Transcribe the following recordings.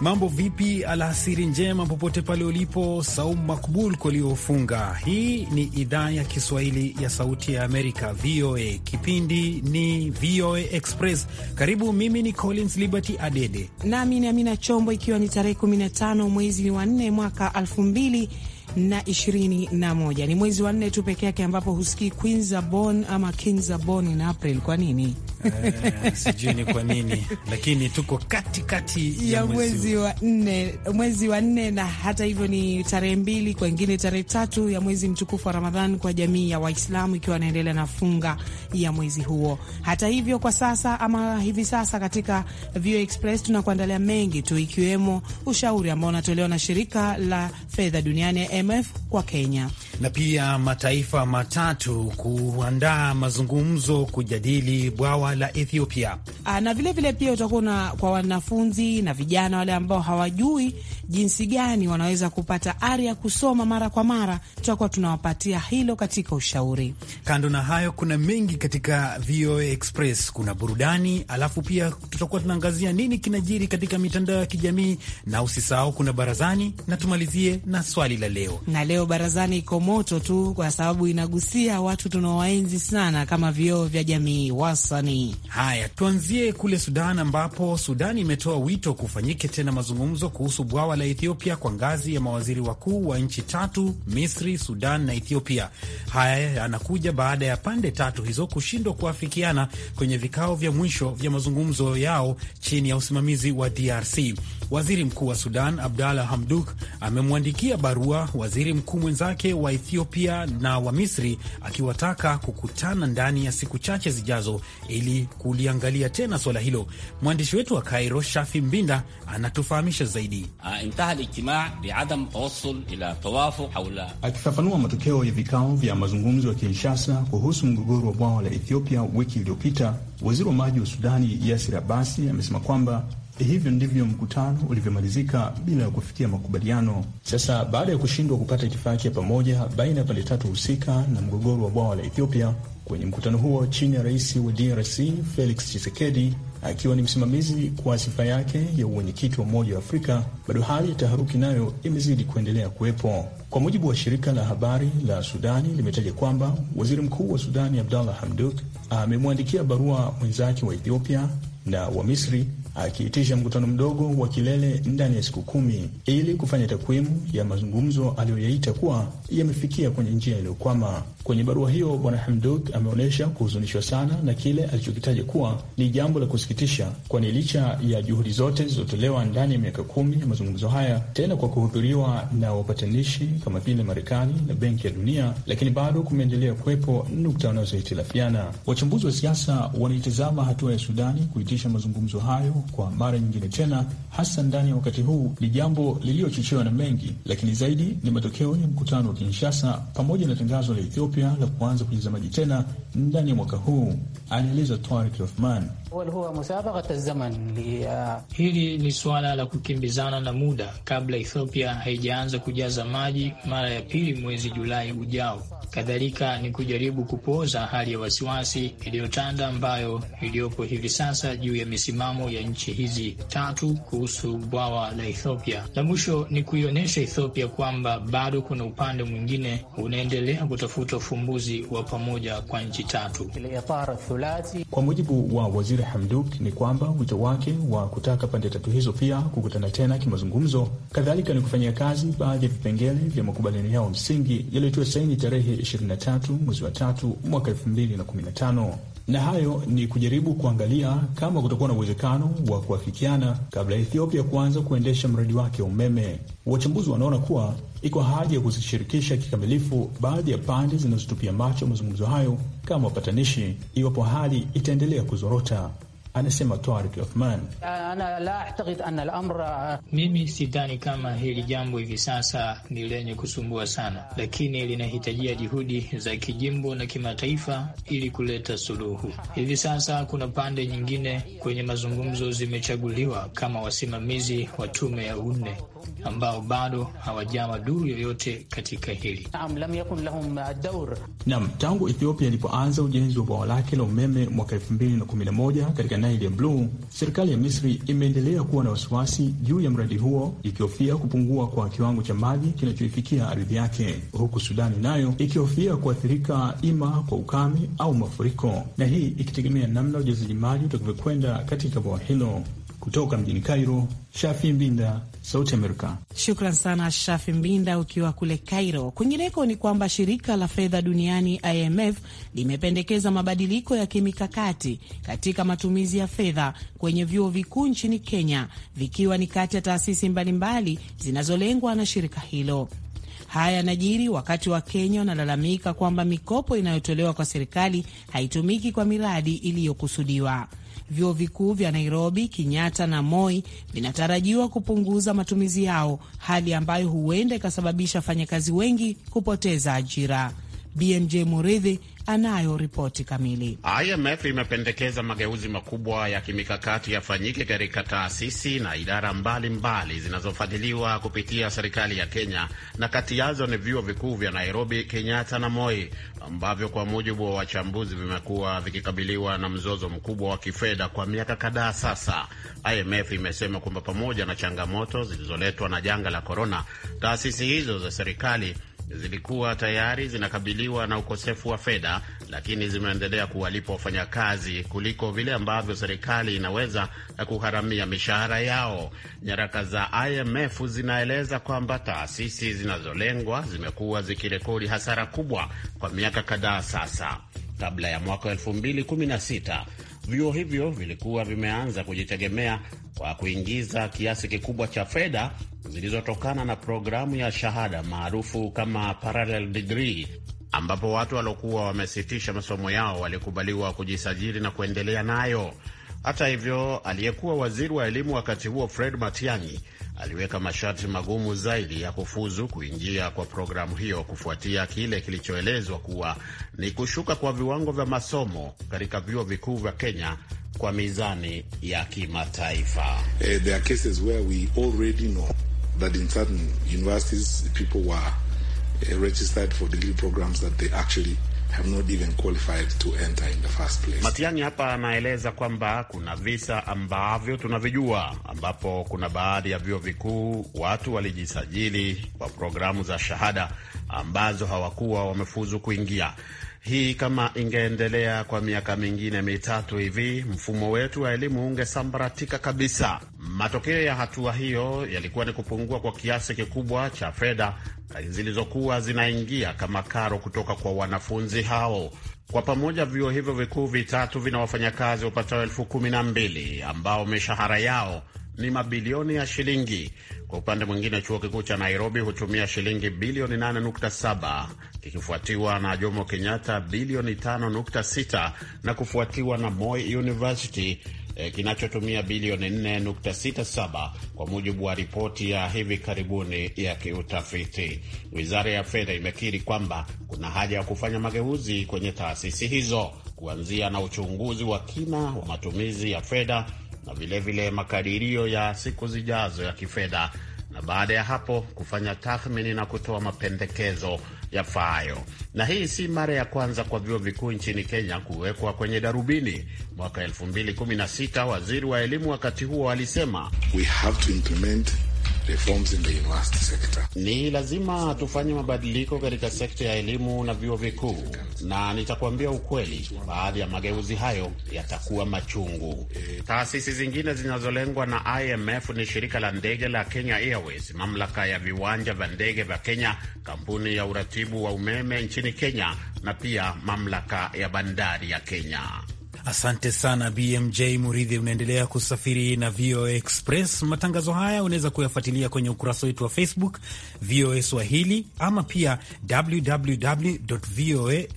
Mambo vipi? Alasiri njema popote pale ulipo. Saumu Makbul kuliofunga. Hii ni idhaa ya Kiswahili ya Sauti ya Amerika, VOA. Kipindi ni VOA Express. Karibu, mimi ni Collins Liberty Adede nami ni Amina Chombo, ikiwa ni tarehe 15 mwezi wa 4 mwaka 2000 na ishirini na moja. Ni mwezi wa nne tu peke yake ambapo husikii Queen ama King Zabon in April. Kwa nini? Eh, sijui ni kwa nini lakini tuko katikati kati ya, ya mwezi wa nne, mwezi wa nne, na hata hivyo ni tarehe mbili, kwengine tarehe tatu ya mwezi mtukufu wa Ramadhan kwa jamii ya Waislamu, ikiwa anaendelea na funga ya mwezi huo. Hata hivyo kwa sasa ama hivi sasa katika Vio Express tunakuandalia mengi tu, ikiwemo ushauri ambao unatolewa na shirika la fedha duniani IMF kwa Kenya na pia mataifa matatu kuandaa mazungumzo kujadili bwawa la Ethiopia. Aa, ah, na vilevile vile pia utakuwa kwa wanafunzi na vijana wale ambao hawajui jinsi gani wanaweza kupata ari ya kusoma mara kwa mara, tutakuwa tunawapatia hilo katika ushauri. Kando na hayo, kuna mengi katika VOA Express, kuna burudani, alafu pia tutakuwa tunaangazia nini kinajiri katika mitandao ya kijamii, na usisahau kuna barazani, na tumalizie na swali la leo. Na leo barazani iko moto tu, kwa sababu inagusia watu tunaowaenzi sana kama vioo vya jamii, wasanii. Haya, tuanzie kule Sudan, ambapo Sudan imetoa wito kufanyike tena mazungumzo kuhusu bwawa la Ethiopia kwa ngazi ya mawaziri wakuu wa nchi tatu, Misri, Sudan na Ethiopia. Haya yanakuja baada ya pande tatu hizo kushindwa kuafikiana kwenye vikao vya mwisho vya mazungumzo yao chini ya usimamizi wa DRC. Waziri mkuu wa Sudan Abdalla Hamduk amemwandikia barua waziri mkuu mwenzake wa Ethiopia na wa Misri akiwataka kukutana ndani ya siku chache zijazo ili kuliangalia tena swala hilo. Mwandishi wetu wa Kairo Shafi Mbinda anatufahamisha zaidi. Ah, انتهى الاجتماع بعدم توصل الى توافق حول. Akifafanua matokeo ya vikao vya mazungumzo ya Kinshasa kuhusu mgogoro wa bwawa la Ethiopia wiki iliyopita, waziri wa maji wa Sudani Yasir Abasi amesema kwamba eh, hivyo ndivyo mkutano ulivyomalizika bila ya kufikia makubaliano. Sasa baada ya kushindwa kupata itifaki ya pamoja baina ya pande tatu husika na mgogoro wa bwawa la Ethiopia, kwenye mkutano huo chini ya rais wa DRC Felix Tshisekedi akiwa ni msimamizi kwa sifa yake ya uwenyekiti wa Umoja wa Afrika, bado hali ya taharuki nayo imezidi kuendelea kuwepo. Kwa mujibu wa shirika la habari la Sudani limetaja kwamba waziri mkuu wa Sudani Abdallah hamduk amemwandikia barua mwenzake wa Ethiopia na wa Misri akiitisha mkutano mdogo wa kilele ndani ya siku kumi ili kufanya takwimu ya mazungumzo aliyoyaita kuwa yamefikia kwenye njia iliyokwama. Kwenye barua hiyo, Bwana Hamduk ameonyesha kuhuzunishwa sana na kile alichokitaja kuwa ni jambo la kusikitisha, kwani licha ya juhudi zote zilizotolewa ndani ya miaka kumi ya mazungumzo haya, tena kwa kuhudhuriwa na wapatanishi kama vile Marekani na Benki ya Dunia, lakini bado kumeendelea kuwepo nukta wanazohitilafiana. Wachambuzi wa siasa wanaitazama hatua ya Sudani kuitisha mazungumzo hayo kwa mara nyingine tena, hasa ndani ya wakati huu, ni jambo liliyochochewa na mengi, lakini zaidi ni matokeo ya mkutano wa Kinshasa pamoja na tangazo la Ethiopia upya na kuanza maji tena ndani ya mwaka huu, alieleza Tarik Rothman, Hili ni suala la kukimbizana na muda kabla Ethiopia haijaanza kujaza maji mara ya pili mwezi Julai ujao. Kadhalika ni kujaribu kupooza hali ya wasiwasi iliyotanda ambayo iliyopo hivi sasa juu ya misimamo ya nchi hizi tatu kuhusu bwawa la Ethiopia. La mwisho ni kuionyesha Ethiopia kwamba bado kuna upande mwingine unaendelea kutafuta ufumbuzi wa pamoja kwa nchi tatu. Kwa mujibu wa waziri Waziri Hamduk ni kwamba wito wake wa kutaka pande tatu hizo pia kukutana tena kimazungumzo, kadhalika ni kufanyia kazi baadhi ya vipengele vya makubaliano yao msingi yaliyotiwa saini tarehe 23 mwezi wa tatu mwaka 2015 na hayo ni kujaribu kuangalia kama kutakuwa na uwezekano wa kuafikiana kabla ya Ethiopia kuanza kuendesha mradi wake wa umeme. Wachambuzi wanaona kuwa iko haja ya kuzishirikisha kikamilifu baadhi ya pande zinazotupia macho mazungumzo hayo kama wapatanishi, iwapo hali itaendelea kuzorota anasema Tarik Othman. Mimi sidhani kama hili jambo hivi sasa ni lenye kusumbua sana, lakini linahitajia juhudi za kijimbo na kimataifa ili kuleta suluhu. Hivi sasa kuna pande nyingine kwenye mazungumzo zimechaguliwa kama wasimamizi wa tume ya UNNE ambao bado hawajawa duru yoyote katika hili. nam. tangu Ethiopia ilipoanza ujenzi wa bwawa lake la umeme mwaka 211 katika Nile ya bluu, serikali ya Misri imeendelea kuwa na wasiwasi juu ya mradi huo ikihofia kupungua kwa kiwango cha maji kinachoifikia ardhi yake, huku Sudani nayo ikihofia kuathirika ima kwa ukame au mafuriko, na hii ikitegemea namna ujazaji maji utakavyokwenda katika bwawa hilo. Kutoka mjini Cairo, Shafi Mbinda, Sauti Amerika. Shukran sana Shafi Mbinda ukiwa kule Cairo. Kwingineko ni kwamba shirika la fedha duniani IMF limependekeza mabadiliko ya kimikakati katika matumizi ya fedha kwenye vyuo vikuu nchini Kenya, vikiwa ni kati ya taasisi mbalimbali zinazolengwa na shirika hilo. Haya yanajiri wakati wa Kenya wanalalamika kwamba mikopo inayotolewa kwa serikali haitumiki kwa miradi iliyokusudiwa vyuo vikuu vya Nairobi, Kenyatta na Moi vinatarajiwa kupunguza matumizi yao, hali ambayo huenda ikasababisha wafanyakazi wengi kupoteza ajira. BMJ Muridhi anayo ripoti kamili. IMF imependekeza mageuzi makubwa ya kimikakati yafanyike katika taasisi na idara mbalimbali zinazofadhiliwa kupitia serikali ya Kenya, na kati yazo ni vyuo vikuu vya Nairobi, Kenyatta na Moi ambavyo kwa mujibu wa wachambuzi vimekuwa vikikabiliwa na mzozo mkubwa wa kifedha kwa miaka kadhaa sasa. IMF imesema kwamba pamoja na changamoto zilizoletwa na janga la korona, taasisi hizo za serikali zilikuwa tayari zinakabiliwa na ukosefu wa fedha, lakini zimeendelea kuwalipa wafanyakazi kuliko vile ambavyo serikali inaweza kugharamia mishahara yao. Nyaraka za IMF zinaeleza kwamba taasisi zinazolengwa zimekuwa zikirekodi hasara kubwa kwa miaka kadhaa sasa. Kabla ya mwaka 2016 vyuo hivyo vilikuwa vimeanza kujitegemea kwa kuingiza kiasi kikubwa cha fedha zilizotokana na programu ya shahada maarufu kama parallel degree, ambapo watu waliokuwa wamesitisha masomo yao walikubaliwa kujisajili na kuendelea nayo. Hata hivyo, aliyekuwa waziri wa elimu wakati huo Fred Matiang'i aliweka masharti magumu zaidi ya kufuzu kuingia kwa programu hiyo kufuatia kile kilichoelezwa kuwa ni kushuka kwa viwango vya masomo katika vyuo vikuu vya Kenya kwa mizani ya kimataifa. Eh, that in certain universities people were uh, registered for degree programs that they actually have not even qualified to enter in the first place. Matiang'i hapa anaeleza kwamba kuna visa ambavyo tunavijua ambapo kuna baadhi ya vyuo vikuu watu walijisajili kwa programu za shahada ambazo hawakuwa wamefuzu kuingia. Hii kama ingeendelea kwa miaka mingine mitatu hivi, mfumo wetu wa elimu ungesambaratika kabisa. Matokeo ya hatua hiyo yalikuwa ni kupungua kwa kiasi kikubwa cha fedha zilizokuwa zinaingia kama karo kutoka kwa wanafunzi hao. Kwa pamoja, vyuo hivyo vikuu vitatu vina wafanyakazi wapatao elfu kumi na mbili ambao mishahara yao ni mabilioni ya shilingi. Kwa upande mwingine, chuo kikuu cha Nairobi hutumia shilingi bilioni 8.7 kikifuatiwa na Jomo Kenyatta bilioni 5.6 na kufuatiwa na Moi University eh, kinachotumia bilioni 4.67 kwa mujibu wa ripoti ya hivi karibuni ya kiutafiti. Wizara ya Fedha imekiri kwamba kuna haja ya kufanya mageuzi kwenye taasisi hizo, kuanzia na uchunguzi wa kina wa matumizi ya fedha na vilevile makadirio ya siku zijazo ya kifedha, na baada ya hapo kufanya tathmini na kutoa mapendekezo yafaayo. Na hii si mara ya kwanza kwa vyuo vikuu nchini Kenya kuwekwa kwenye darubini. Mwaka 2016 waziri wa elimu wakati huo alisema We have to implement reforms in the university sector. Ni lazima tufanye mabadiliko katika sekta ya elimu na vyuo vikuu, na nitakuambia ukweli, baadhi ya mageuzi hayo yatakuwa machungu. Taasisi zingine zinazolengwa na IMF ni shirika la ndege la Kenya Airways, mamlaka ya viwanja vya ndege vya Kenya, kampuni ya uratibu wa umeme nchini Kenya na pia mamlaka ya bandari ya Kenya. Asante sana BMJ Muridhi. Unaendelea kusafiri na VOA Express. Matangazo haya unaweza kuyafuatilia kwenye ukurasa wetu wa Facebook VOA Swahili, ama pia www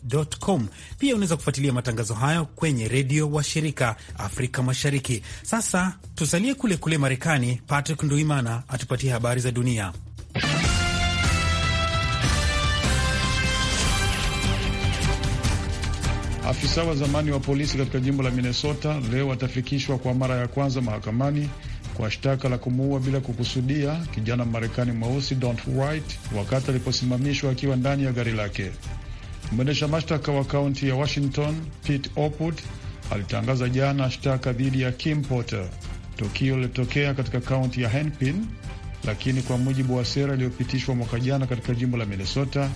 voa com. Pia unaweza kufuatilia matangazo hayo kwenye redio wa shirika Afrika Mashariki. Sasa tusalie kule kule Marekani. Patrick Nduimana atupatie habari za dunia. Afisa wa zamani wa polisi katika jimbo la Minnesota leo atafikishwa kwa mara ya kwanza mahakamani kwa shtaka la kumuua bila kukusudia kijana Marekani mweusi Don't Wright wakati aliposimamishwa akiwa ndani ya gari lake. Mwendesha mashtaka wa kaunti ya Washington Pete Oput alitangaza jana shtaka dhidi ya Kim Potter. Tukio lilitokea katika kaunti ya Hennepin, lakini kwa mujibu wa sera iliyopitishwa mwaka jana katika jimbo la Minnesota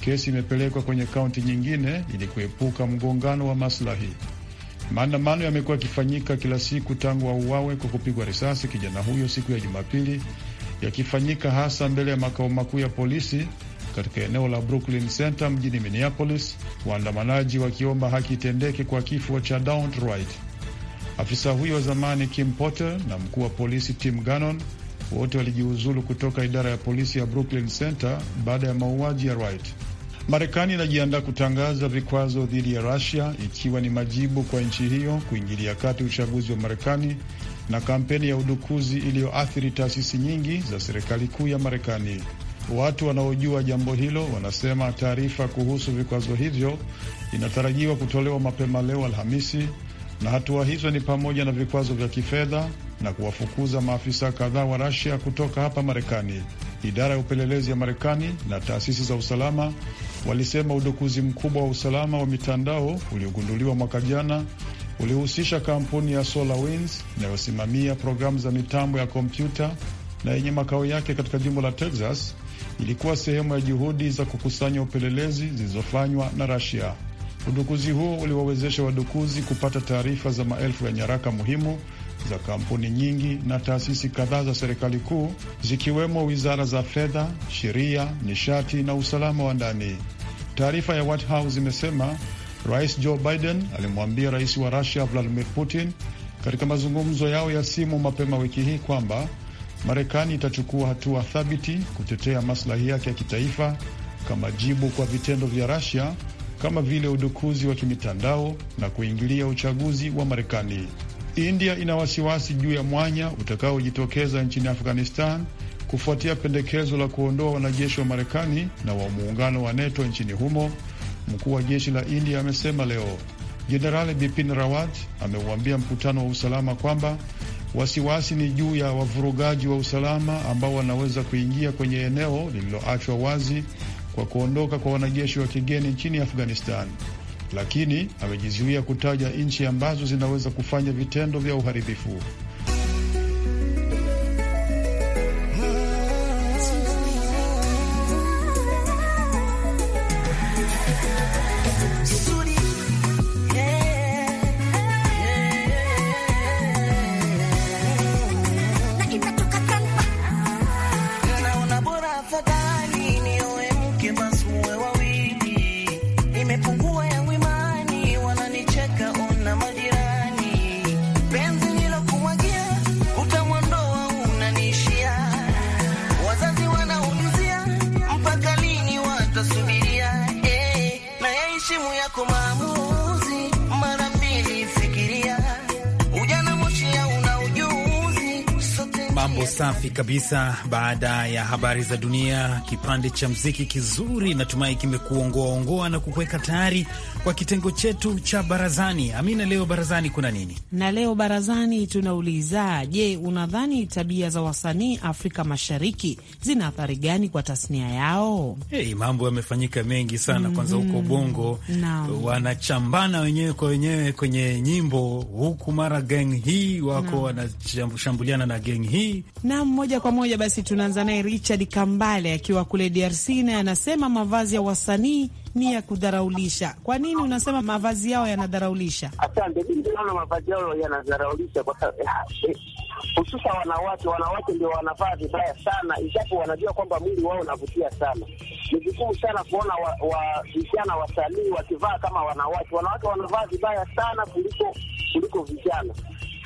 kesi imepelekwa kwenye kaunti nyingine ili kuepuka mgongano wa maslahi. Maandamano yamekuwa yakifanyika kila siku tangu auawe kwa kupigwa risasi kijana huyo siku ya Jumapili, yakifanyika hasa mbele ya makao makuu ya polisi katika eneo la Brooklyn Center mjini Minneapolis, waandamanaji wakiomba haki itendeke kwa kifo cha Dawn Wright. Afisa huyo wa zamani Kim Potter na mkuu wa polisi Tim Gannon wote walijiuzulu kutoka idara ya polisi ya Brooklyn Center baada ya mauaji ya Wright. Marekani inajiandaa kutangaza vikwazo dhidi ya Rusia ikiwa ni majibu kwa nchi hiyo kuingilia kati uchaguzi wa Marekani na kampeni ya udukuzi iliyoathiri taasisi nyingi za serikali kuu ya Marekani. Watu wanaojua jambo hilo wanasema taarifa kuhusu vikwazo hivyo inatarajiwa kutolewa mapema leo Alhamisi, na hatua hizo ni pamoja na vikwazo vya kifedha, na kuwafukuza maafisa kadhaa wa Rasia kutoka hapa Marekani. Idara ya upelelezi ya Marekani na taasisi za usalama walisema udukuzi mkubwa wa usalama wa mitandao uliogunduliwa mwaka jana ulihusisha kampuni ya SolarWinds inayosimamia programu za mitambo ya kompyuta na yenye makao yake katika jimbo la Texas. Ilikuwa sehemu ya juhudi za kukusanya upelelezi zilizofanywa na Rasia. Udukuzi huo uliwawezesha wadukuzi kupata taarifa za maelfu ya nyaraka muhimu za kampuni nyingi na taasisi kadhaa za serikali kuu zikiwemo wizara za fedha, sheria, nishati na usalama wa ndani. Taarifa ya White House imesema Rais Joe Biden alimwambia rais wa Rusia Vladimir Putin katika mazungumzo yao ya simu mapema wiki hii kwamba Marekani itachukua hatua thabiti kutetea maslahi yake ya kitaifa kama jibu kwa vitendo vya Rusia kama vile udukuzi wa kimitandao na kuingilia uchaguzi wa Marekani. India ina wasiwasi juu ya mwanya utakaojitokeza nchini Afghanistan kufuatia pendekezo la kuondoa wanajeshi wa Marekani na wa muungano wa NATO nchini humo. Mkuu wa jeshi la India amesema leo. Jenerali Bipin Rawat ameuambia mkutano wa usalama kwamba wasiwasi ni juu ya wavurugaji wa usalama ambao wanaweza kuingia kwenye eneo lililoachwa wazi kwa kuondoka kwa wanajeshi wa kigeni nchini Afghanistan lakini amejizuia kutaja nchi ambazo zinaweza kufanya vitendo vya uharibifu. Safi kabisa. Baada ya habari za dunia, kipande cha mziki kizuri natumai kimekuongoaongoa na kukuweka tayari kwa kitengo chetu cha barazani. Amina, leo barazani kuna nini? Na leo barazani tunauliza, je, unadhani tabia za wasanii Afrika Mashariki zina athari gani kwa tasnia yao? Hey, mambo yamefanyika mengi sana kwanza huko mhm. Bongo no. wanachambana wenyewe kwa wenyewe kwenye nyimbo, huku mara geng hii wako no. wanashambuliana na geng hii Nam, moja kwa moja basi tunaanza naye Richard Kambale akiwa kule DRC, naye anasema mavazi ya wasanii ni ya kudharaulisha. Kwa nini unasema mavazi yao yanadharaulisha? Asante. Mimi naona mavazi yao yanadharaulisha kwa sababu eh, hususa wanawake, wanawake ndio wanavaa vibaya sana, ijapo wanajua kwamba mwili wao unavutia sana. Ni vigumu sana kuona vijana wa, wasanii wakivaa kama wanawake. Wanawake wanavaa vibaya sana kuliko kuliko vijana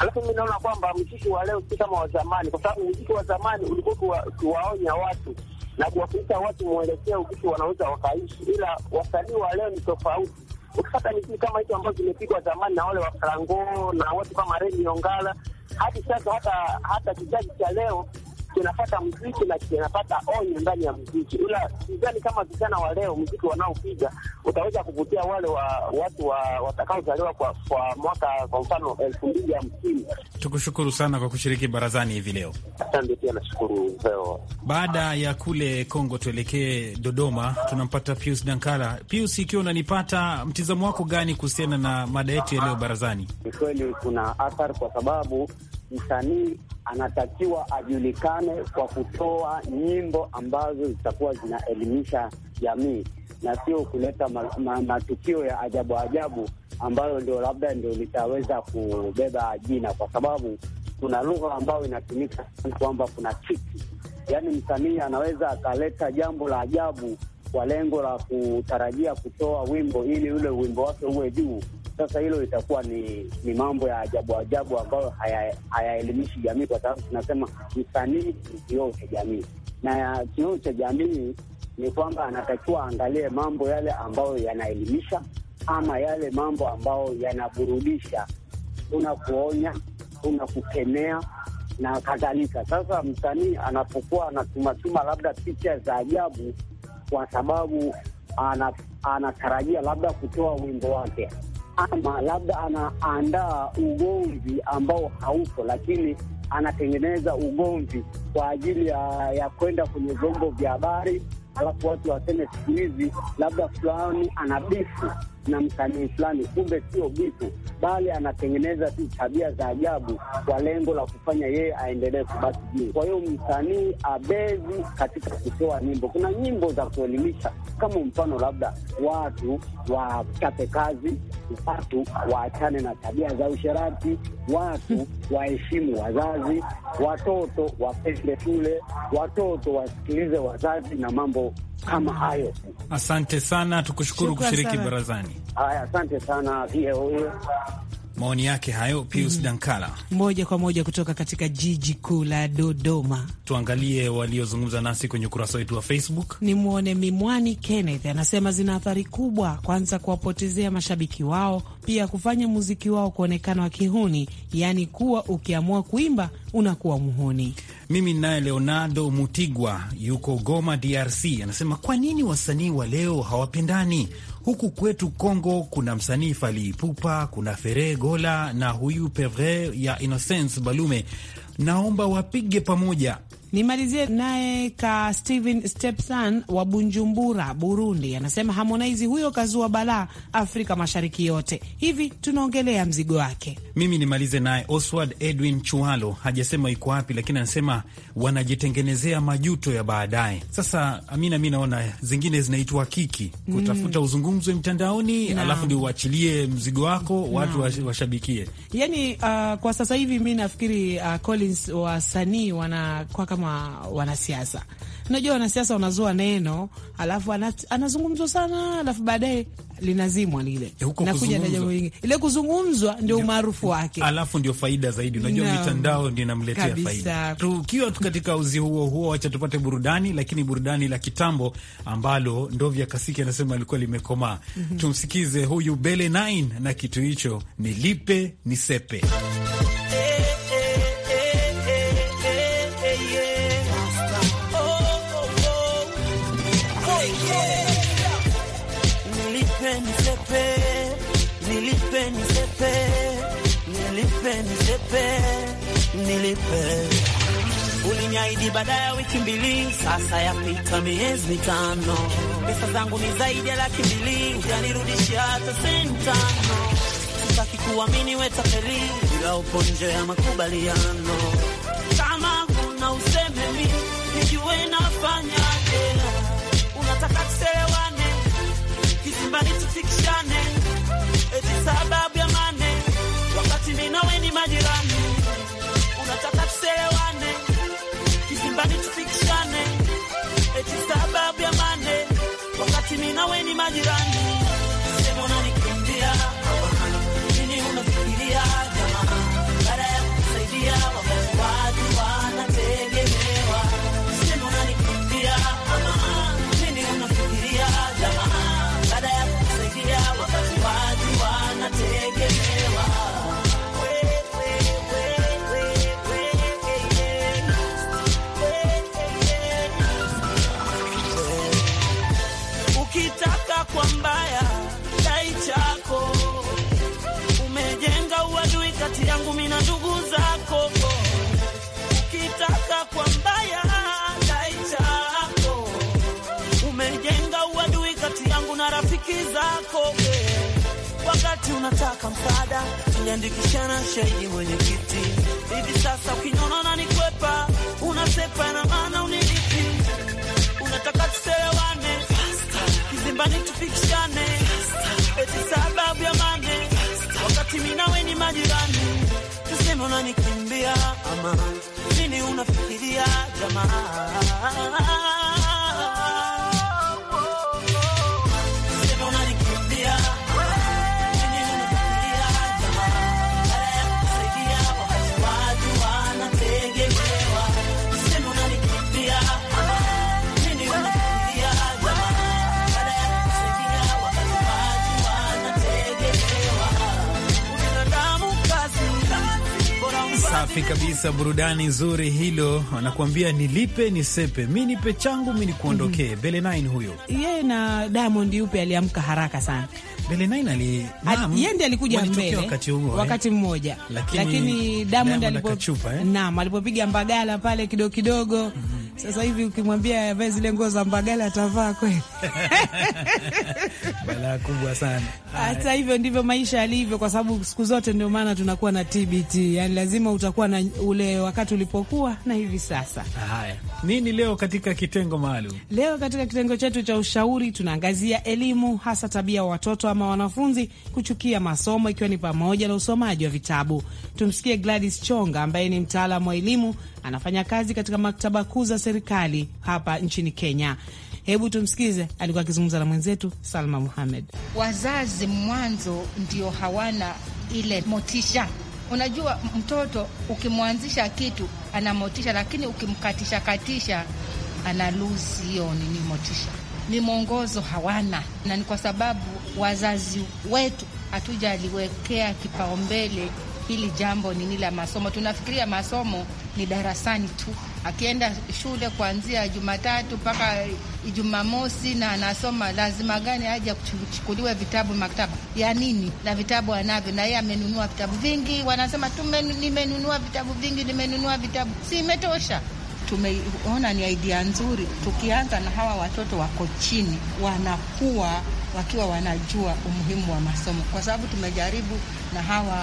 Alafu mi naona kwamba mziki wa leo si kama wa zamani, kwa sababu mziki wa zamani ulikuwa kuwaonya watu na kuwafundisha watu mwelekeo ukiti wanaweza wakaishi, ila wasanii wa leo ni tofauti. Ukipata miziki kama hicho ambazo zimepigwa zamani na wale wafrango na watu kama Remi Ongala, hadi sasa hata hata kizazi cha leo kinapata mziki na kinapata onyo ndani ya mziki, ila sidhani kama vijana wa leo mziki wanaopiga utaweza kuvutia wale wa watu wa, watakaozaliwa kwa, kwa mwaka kwa mfano elfu mbili hamsini. Tukushukuru sana kwa kushiriki barazani hivi leo. Asante pia nashukuru leo. Baada ya kule Kongo tuelekee Dodoma, tunampata Pius Dankala. Pius, ikiwa unanipata, mtizamo wako gani kuhusiana na mada yetu ya leo barazani? Ni kweli kuna athari kwa sababu msanii anatakiwa ajulikane kwa kutoa nyimbo ambazo zitakuwa zinaelimisha jamii na sio kuleta ma, ma, matukio ya ajabu ajabu ambayo ndio labda ndio litaweza kubeba jina, kwa sababu kuna lugha ambayo inatumika kwamba kuna kiki, yaani msanii anaweza akaleta jambo la ajabu kwa lengo la kutarajia kutoa wimbo ili ule wimbo wake uwe juu sasa hilo litakuwa ni, ni mambo ya ajabu ajabu ambayo hayaelimishi haya jamii, kwa sababu tunasema msanii ni kioo cha jamii, na kioo cha jamii ni kwamba anatakiwa aangalie mambo yale ambayo yanaelimisha ama yale mambo ambayo yanaburudisha, kuna kuonya, kuna kukemea na kadhalika. Sasa msanii anapokuwa anatumatuma labda picha za ajabu, kwa sababu anatarajia labda kutoa wimbo wake ama labda anaandaa ugomvi ambao haupo, lakini anatengeneza ugomvi kwa ajili ya, ya kwenda kwenye vyombo vya habari, alafu watu waseme siku hizi labda fulani anabifu na msanii fulani, kumbe sio bifu, bali anatengeneza tu tabia za ajabu kwa lengo la kufanya yeye aendelee kubaki juu. Kwa hiyo msanii abezi katika kutoa nyimbo. Kuna nyimbo za kuelimisha, kama mfano labda watu wachape kazi, watu waachane na tabia za usherati, watu waheshimu wazazi, watoto wapende shule, watoto wasikilize wazazi na mambo kama hayo. Asante sana, tukushukuru kushiriki sana barazani. Haya, asante sana VOA. Maoni yake hayo Pius mm, Dankala moja kwa moja kutoka katika jiji kuu la Dodoma. Tuangalie waliozungumza nasi kwenye ukurasa wetu wa Facebook. Nimwone Mimwani Kenneth anasema zina athari kubwa, kwanza kuwapotezea mashabiki wao pia kufanya muziki wao kuonekana wa kihuni, yaani kuwa ukiamua kuimba unakuwa muhuni. Mimi naye Leonardo Mutigwa yuko Goma, DRC, anasema kwa nini wasanii wa leo hawapendani? Huku kwetu congo kuna msanii faliipupa Ipupa, kuna Fere Gola na huyu Pevre ya Innocence Balume. Naomba wapige pamoja Nimalizie naye ka Steven Stepsan wa Bunjumbura, Burundi, anasema Harmonize huyo kazua balaa Afrika Mashariki yote. Hivi tunaongelea mzigo wake. Mimi nimalize naye Oswald Edwin Chualo, hajasema iko wapi, lakini anasema wanajitengenezea majuto ya baadaye. Sasa Amina, mi naona zingine zinaitwa kiki, kutafuta mm. uzungumzwe mtandaoni, alafu ndio uachilie mzigo wako, watu washabikie. Yani uh, kwa sasa hivi mi nafikiri uh, Collins wasanii wanakwaka kama wanasiasa. Unajua wanasiasa wanazua neno alafu anazungumzwa sana, alafu baadaye linazimwa lile, eh, nakuja na jambo lingine. Ile kuzungumzwa ndio umaarufu wake, alafu ndio faida zaidi. Unajua no, mitandao ndio inamletea faida. Tukiwa katika uzi huo huo, wacha tupate burudani, lakini burudani la kitambo ambalo Ndovya Kasiki anasema alikuwa limekomaa. mm -hmm. Tumsikize huyu Bele 9 na kitu hicho, nilipe nisepe nipe. Uliniahidi baada ya wiki mbili, sasa yapita miezi mitano. Pesa zangu ni zaidi ya laki mbili, hujanirudishia hata senti tano. Sitaki kuamini we tapeli, ila upo nje ya makubaliano. Kama kuna useme mi nijue nafanyaje, unataka tuselewane, kizimbani tufikishane, eti sababu ya mane, wakati mi nawe ni majirani tunataka tusielewane, kizimbani tufikishane, eti sababu ya mande, wakati mimi na wewe ni majirani ati unataka msaada, tuliandikishana mwenye mwenyekiti. Hivi sasa ukinona nanikwepa, unasepa na maana unilipi, unataka tuselewane kizimbani tupikishane, eti sababu ya mane, wakati minaweni ni majirani, tuseme unanikimbia ama nini, unafikiria jamaa Safi kabisa, burudani nzuri hilo. Wanakuambia nilipe nisepe, mi nipe changu, mi nikuondokee. mm -hmm. Belenain huyo yeye na Diamond yupe aliamka haraka sana. Belenain ali yeye ndiye alikuja mbele wakati huo, eh? wakati mmoja, lakini, lakini Diamond alipochupa eh? Naam, alipopiga mbagala pale kidogo kidogo mm -hmm. Sasa hivi ukimwambia avae zile nguo za Mbagala atavaa kweli? Balaa kubwa sana. Hata hivyo ndivyo maisha yalivyo, kwa sababu siku zote ndio maana tunakuwa na TBT, yani lazima utakuwa na ule wakati ulipokuwa na hivi sasa. Haya, nini leo katika kitengo maalum? Leo katika kitengo chetu cha ushauri tunaangazia elimu, hasa tabia watoto ama wanafunzi kuchukia masomo, ikiwa ni pamoja na usomaji wa vitabu. Tumsikie Gladys Chonga ambaye ni mtaalamu wa elimu, anafanya kazi katika maktaba kuu za serikali hapa nchini Kenya. Hebu tumsikize, alikuwa akizungumza na mwenzetu Salma Muhamed. Wazazi mwanzo ndio hawana ile motisha. Unajua, mtoto ukimwanzisha kitu ana motisha, lakini ukimkatisha katisha ana lusi hiyo nini motisha, ni mwongozo hawana, na ni kwa sababu wazazi wetu hatujaliwekea kipaumbele Hili jambo ni la masomo. Tunafikiria masomo ni darasani tu, akienda shule kuanzia Jumatatu mpaka Jumamosi na anasoma, lazima gani aje kuchukuliwa vitabu maktaba ya nini? Na vitabu anavyo, na yeye amenunua vitabu vingi. Wanasema tu nimenunua vitabu vingi, nimenunua vitabu, si imetosha? Tumeona ni idea nzuri, tukianza na hawa watoto wako chini, wanakuwa wakiwa wanajua umuhimu wa masomo, kwa sababu tumejaribu na hawa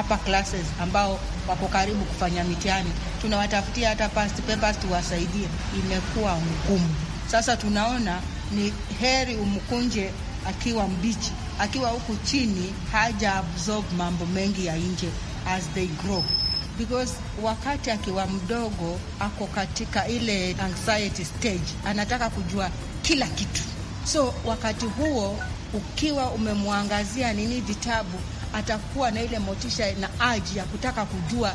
upper classes ambao wako karibu kufanya mitihani, tunawatafutia hata past papers tuwasaidie, imekuwa ngumu. Sasa tunaona ni heri umkunje akiwa mbichi, akiwa huku chini haja absorb mambo mengi ya nje as they grow because wakati akiwa mdogo ako katika ile anxiety stage, anataka kujua kila kitu So wakati huo ukiwa umemwangazia nini vitabu, atakuwa na ile motisha na aji ya kutaka kujua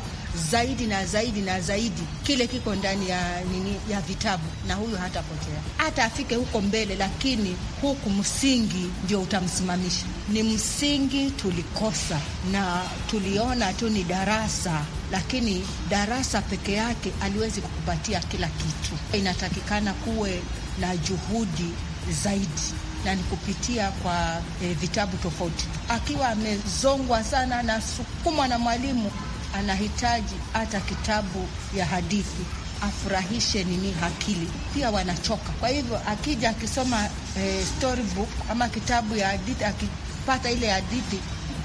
zaidi na zaidi na zaidi kile kiko ndani ya nini ya vitabu, na huyo hatapotea hata afike huko mbele. Lakini huku msingi ndio utamsimamisha, ni msingi tulikosa, na tuliona tu ni darasa, lakini darasa peke yake aliwezi kukupatia kila kitu. Inatakikana kuwe na juhudi zaidi na ni kupitia kwa e, vitabu tofauti. Akiwa amezongwa sana na sukumwa na mwalimu, anahitaji hata kitabu ya hadithi afurahishe nini akili. Pia wanachoka, kwa hivyo akija akisoma e, storybook ama kitabu ya hadithi, akipata ile hadithi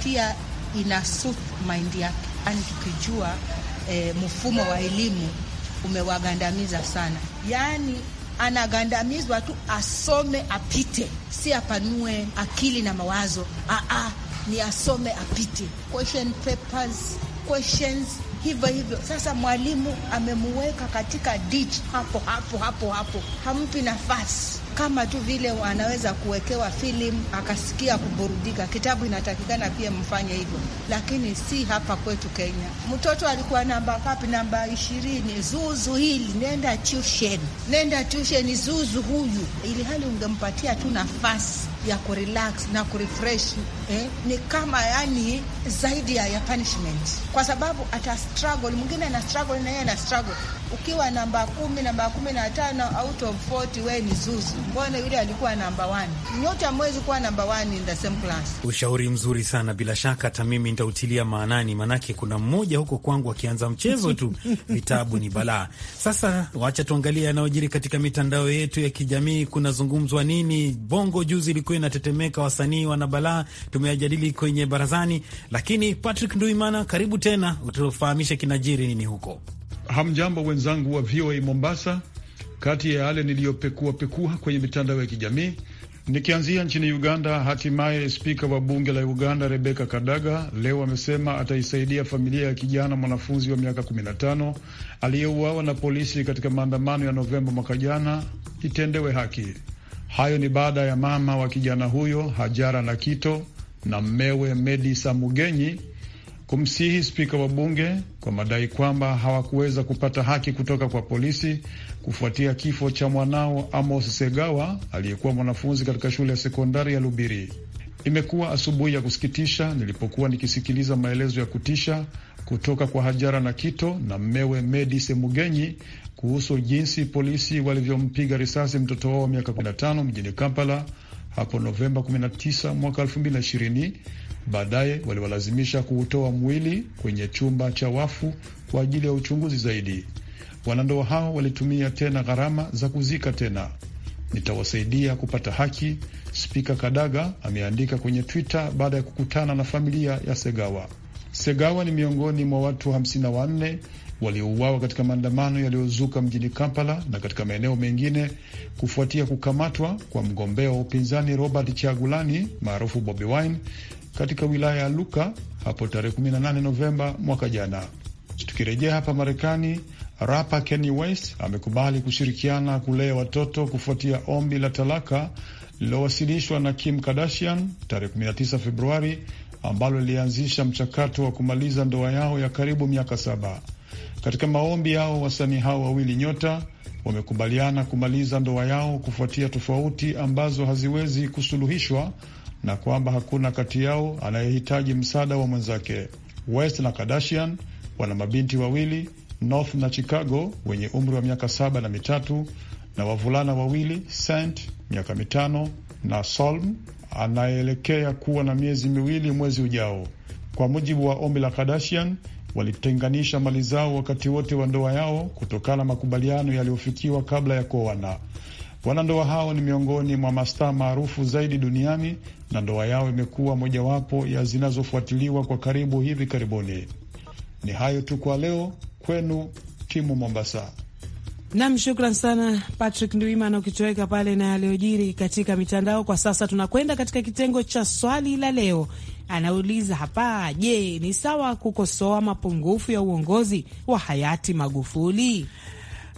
pia ina suit mind yake, Yani tukijua e, mfumo wa elimu umewagandamiza sana, yaani anagandamizwa tu, asome apite, si apanue akili na mawazo. Aa, ah, ah, ni asome apite, question papers, questions hivyo hivyo. Sasa mwalimu amemuweka katika ditch hapo hapo hapo hapo, hampi nafasi kama tu vile anaweza kuwekewa filamu akasikia kuburudika. Kitabu inatakikana pia mfanye hivyo, lakini si hapa kwetu Kenya. Mtoto alikuwa namba ngapi? Namba ishirini. Zuzu hili, nenda tushen, nenda tushen zuzu huyu, ili hali ungempatia tu nafasi ya kurelax na kurefresh eh, ni kama yani zaidi ya, ya punishment, kwa sababu ata struggle, mwingine ana struggle na yeye ana struggle ukiwa namba kumi, namba kumi na tano out of 40 we ni zuzu, mbona yule alikuwa namba one? Nyote amwezi kuwa namba one in the same class. Ushauri mzuri sana, bila shaka hata mimi nitautilia maanani, maanake kuna mmoja huko kwangu akianza mchezo tu vitabu ni balaa. Sasa wacha tuangalie yanayojiri katika mitandao yetu ya kijamii, kunazungumzwa nini? Bongo juzi ilikuwa inatetemeka, wasanii wana balaa, tumeyajadili kwenye barazani. Lakini Patrick Nduimana, karibu tena, utufahamishe kinajiri nini huko. Hamjambo wenzangu wa VOA Mombasa. Kati ya yale niliyopekuapekua kwenye mitandao ya kijamii nikianzia nchini Uganda, hatimaye spika wa bunge la Uganda Rebeka Kadaga leo amesema ataisaidia familia ya kijana mwanafunzi wa miaka 15 aliyeuawa na polisi katika maandamano ya Novemba mwaka jana itendewe haki. Hayo ni baada ya mama wa kijana huyo Hajara Nakito na mmewe Medi Samugenyi kumsihi spika wa bunge kwa madai kwamba hawakuweza kupata haki kutoka kwa polisi kufuatia kifo cha mwanao Amos Segawa aliyekuwa mwanafunzi katika shule ya sekondari ya Lubiri. Imekuwa asubuhi ya kusikitisha nilipokuwa nikisikiliza maelezo ya kutisha kutoka kwa Hajara na Kito na mmewe Medi Semugenyi kuhusu jinsi polisi walivyompiga risasi mtoto wao wa miaka 15 mjini Kampala hapo Novemba 19 mwaka Baadaye waliwalazimisha kuutoa mwili kwenye chumba cha wafu kwa ajili ya uchunguzi zaidi. Wanandoa hao walitumia tena gharama za kuzika tena. Nitawasaidia kupata haki, Spika Kadaga ameandika kwenye Twitter baada ya kukutana na familia ya Segawa. Segawa ni miongoni mwa watu 54 waliouawa katika maandamano yaliyozuka mjini Kampala na katika maeneo mengine kufuatia kukamatwa kwa mgombea wa upinzani Robert Chagulani maarufu Bobi Wine katika wilaya ya Luka hapo tarehe 18 Novemba mwaka jana. Tukirejea hapa Marekani, rapa Kanye West amekubali kushirikiana kulea watoto kufuatia ombi la talaka lililowasilishwa na Kim Kardashian tarehe 19 Februari, ambalo lilianzisha mchakato wa kumaliza ndoa yao ya karibu miaka saba. Katika maombi yao, wasanii hao wawili nyota wamekubaliana kumaliza ndoa yao kufuatia tofauti ambazo haziwezi kusuluhishwa na kwamba hakuna kati yao anayehitaji msaada wa mwenzake. West na Kardashian wana mabinti wawili, North na Chicago, wenye umri wa miaka saba na mitatu na wavulana wawili, Saint miaka mitano na Solm anayeelekea kuwa na miezi miwili mwezi ujao. Kwa mujibu wa ombi la Kardashian, walitenganisha mali zao wakati wote wa ndoa yao kutokana na makubaliano yaliyofikiwa kabla ya kuoana. Wanandoa hao ni miongoni mwa mastaa maarufu zaidi duniani na ndoa yao imekuwa mojawapo ya zinazofuatiliwa kwa karibu hivi karibuni. Ni hayo tu kwa leo. Kwenu timu Mombasa. Nam, shukran sana Patrick Ndwimana ukitoweka pale na yaliyojiri katika mitandao kwa sasa. Tunakwenda katika kitengo cha swali la leo. Anauliza hapa, je, ni sawa kukosoa mapungufu ya uongozi wa hayati Magufuli?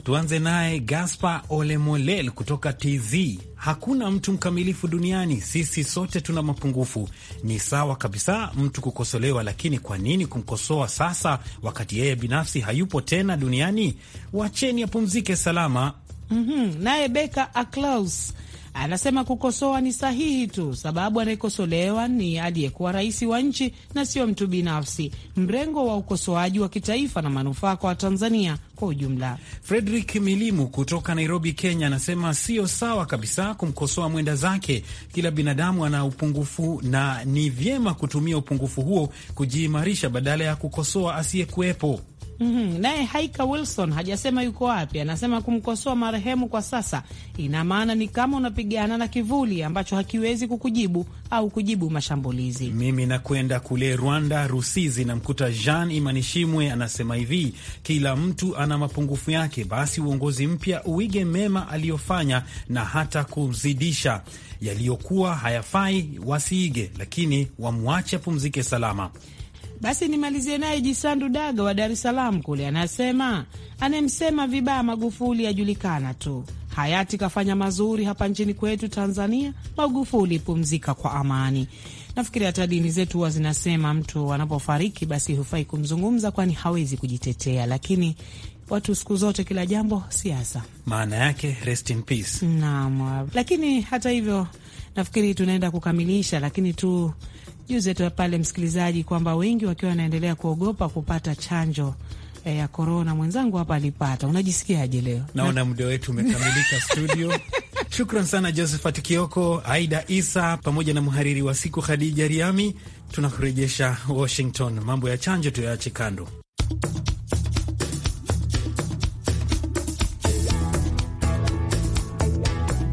Tuanze naye Gaspar Olemolel kutoka TZ. Hakuna mtu mkamilifu duniani, sisi sote tuna mapungufu. Ni sawa kabisa mtu kukosolewa, lakini kwa nini kumkosoa sasa wakati yeye binafsi hayupo tena duniani? Wacheni apumzike salama. Mm -hmm. Naye Beka Aklaus Anasema kukosoa ni sahihi tu, sababu anayekosolewa ni aliyekuwa rais wa nchi na sio mtu binafsi. Mrengo wa ukosoaji wa kitaifa na manufaa kwa Watanzania kwa ujumla. Frederick Milimu kutoka Nairobi, Kenya, anasema sio sawa kabisa kumkosoa mwenda zake. Kila binadamu ana upungufu na ni vyema kutumia upungufu huo kujiimarisha badala ya kukosoa asiyekuwepo. Mm -hmm. Naye Haika Wilson hajasema yuko wapi, anasema kumkosoa marehemu kwa sasa ina maana ni kama unapigana na kivuli ambacho hakiwezi kukujibu au kujibu mashambulizi. Mimi nakwenda kule Rwanda, Rusizi, namkuta Jean Imanishimwe anasema hivi, kila mtu ana mapungufu yake, basi uongozi mpya uige mema aliyofanya na hata kuzidisha yaliyokuwa hayafai, wasiige, lakini wamwache apumzike salama. Basi nimalizie naye Jisandu Daga wa Dar es Salaam kule, anasema anayemsema vibaya Magufuli ajulikana tu. Hayati kafanya mazuri hapa nchini kwetu Tanzania. Magufuli, pumzika kwa amani. Nafikiri hata dini zetu huwa zinasema mtu anapofariki basi hufai kumzungumza, kwani hawezi kujitetea, lakini watu siku zote, kila jambo siasa, maana yake rest in peace. Naam, lakini hata hivyo nafikiri tunaenda kukamilisha, lakini tu juzi tu pale, msikilizaji, kwamba wengi wakiwa wanaendelea kuogopa kupata chanjo eh, ya korona. Mwenzangu hapa alipata. Unajisikiaje leo? Naona muda wetu umekamilika studio. Shukran sana Josephat Kioko, Aida Isa pamoja na mhariri wa siku Khadija Riami. Tunakurejesha Washington. Mambo ya chanjo tuyaache kando.